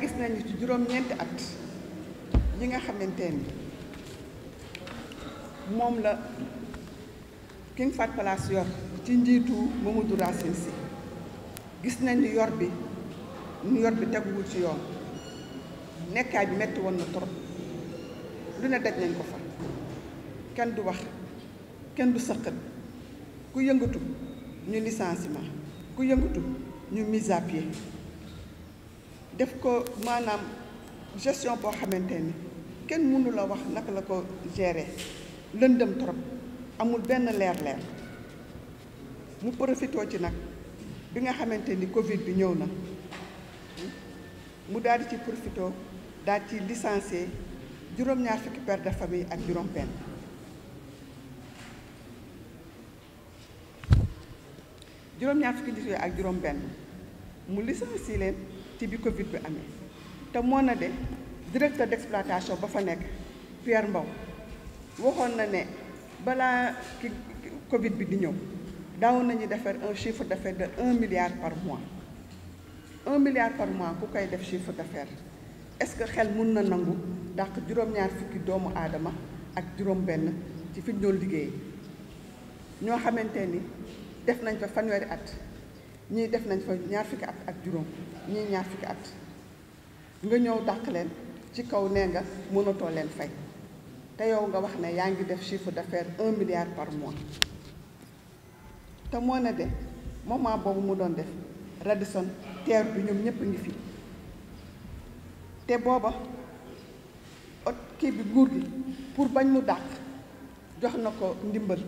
gis nañu ci juróom-ñeenti at ñi nga xamante ni moom la King Fahd Palace yor ci njiitu Mamadou Racine Sy gis nañ ni yor bi ñu yor bi teguwul ci yoon nekkaay bi metti woon na trop lu ne daj nañ ko fa kenn du wax kenn du sëqat ku yëngatu ñu licenciement ku yëngatu ñu mise à pied def ko maanaam gestion boo xamante ni kenn mënu wax naka la ko gérer lëndëm trop amul benn leer-leer mu profitoo ci nag bi nga xamante ni Covid bi ñëw na mu daal di ci profitoo daal ci licencier juróom-ñaar fukki père de famille ak juróom-benn. juróom-ñaar fukki nit yooyu ak juróom-benn mu licencié leen ci bi Covid bi amee te moo na de directeur d'exploitation ba fa nekk Pierre Mbow waxoon na ne balaa ki Covid bi di ñëw daawoon nañu defar un chiffre d'affaires de un milliard par mois un milliard par mois ku koy def chiffre d'affaires est-ce que xel mun na nangu ndax juróom-ñaar fukki doomu aadama ak juróom-benn ci fi ñu doon liggéey ñoo xamante def nañ fa fanweeri at ñii def nañ fa ñaar fukki at ak juróom ñii ñaar fukki at nga ñëw dàq leen ci kaw nee nga mënatoo leen fay te yow nga wax ne yaa ngi def chiffre d'affaires un milliard par mois te moo ne de moment boobu mu doon def Radisson teer bi ñoom ñëpp ngi fi te booba ot kii bi nguur gi pour bañ mu dàq jox na ko ndimbal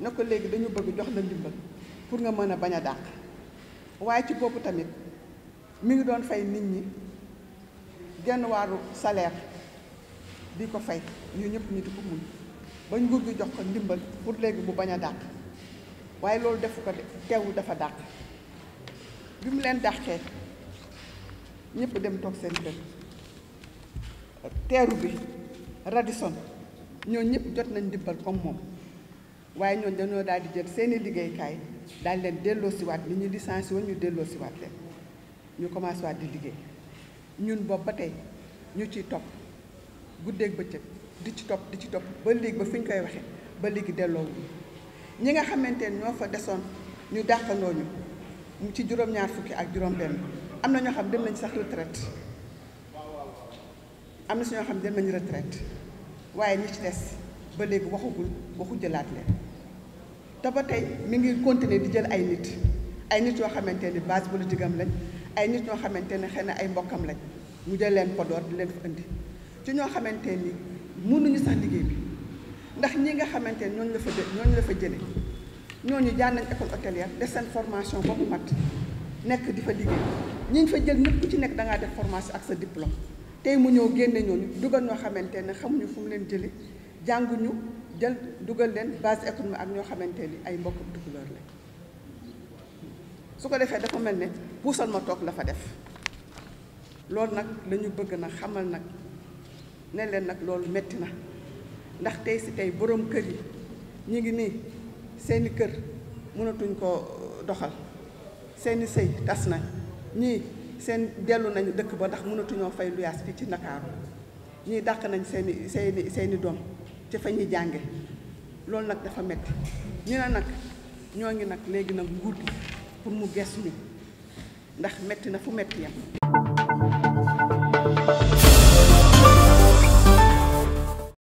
na ko léegi dañu bëgg jox la ndimbal pour nga mën a bañ a dàq waaye ci bopp tamit mi ngi doon fay nit ñi genn waaru salaire di ko fay ñu ñëpp ñu di ko mun ba nguur gi jox ko ndimbal pour léegi mu bañ a dàq waaye loolu def ko teewu dafa dàq bi mu leen dàqee ñëpp dem toog seen kër teeru bi Radisson ñoo ñëpp jot nañ ndimbal comme moom waaye ñooñ dañoo daal di jël seeni liggéeykaay daal leen delloosiwaat li ñu licencié woon ñu delloosiwaat leen ñu commencé waat di liggéey ñun boobu ba tey ñu ciy topp guddeeg bëccëg di ci topp di ci topp ba léegi ba fi ñu koy waxee ba léegi delloowuñu ñi nga xamante ne ñoo fa desoon ñu dàqandoo mu ci juróom-ñaar ak juróom am na xam dem nañ sax retraite am na si xam dem nañ retraite waaye ñi ci des ba léegi waxagul waxu jëlaat leen. te ba tey mi ngi continuer di jël ay nit ay nit yoo xamante ni base politique am lañ ay nit ñoo xamante ne xëy na ay mbokkam lañ mu jël leen Podor di leen fa indi ci ñoo xamante ni mënuñu sax liggéey bi ndax ñi nga xamante ni ñooñu la fa ñooñu la fa jëlee ñooñu jaar nañ école hôtelière seen formation ba mu mat nekk di fa liggéey ñi ñu fa jël ñëpp ku ci nekk da def formation ak sa diplôme tey mu ñëw génne ñooñu dugal ñoo xamante ne xamuñu fu mu leen jële jànguñu jël dugal leen base économique ak ñoo xamante ni ay mbokk tukulóor la su ko defee dafa mel ne puusal ma toog la fa def loolu nag la bëgg nag xamal nag ne leen nag loolu metti na ndax tey si tey boroom kër yi ñu ngi nii seeni kër mënatuñ koo doxal seeni sëy tas na ñii seen dellu nañu dëkk ba ndax mënatuñoo fay luyaas fii ci Ndakaaru ñii dàq nañ seeni seeni seeni doom te fa ñuy jànge loolu nag dafa metti ñu ne nag ñoo ngi nag léegi nag nguur gi pour mu gees mi ndax metti na fu metti yam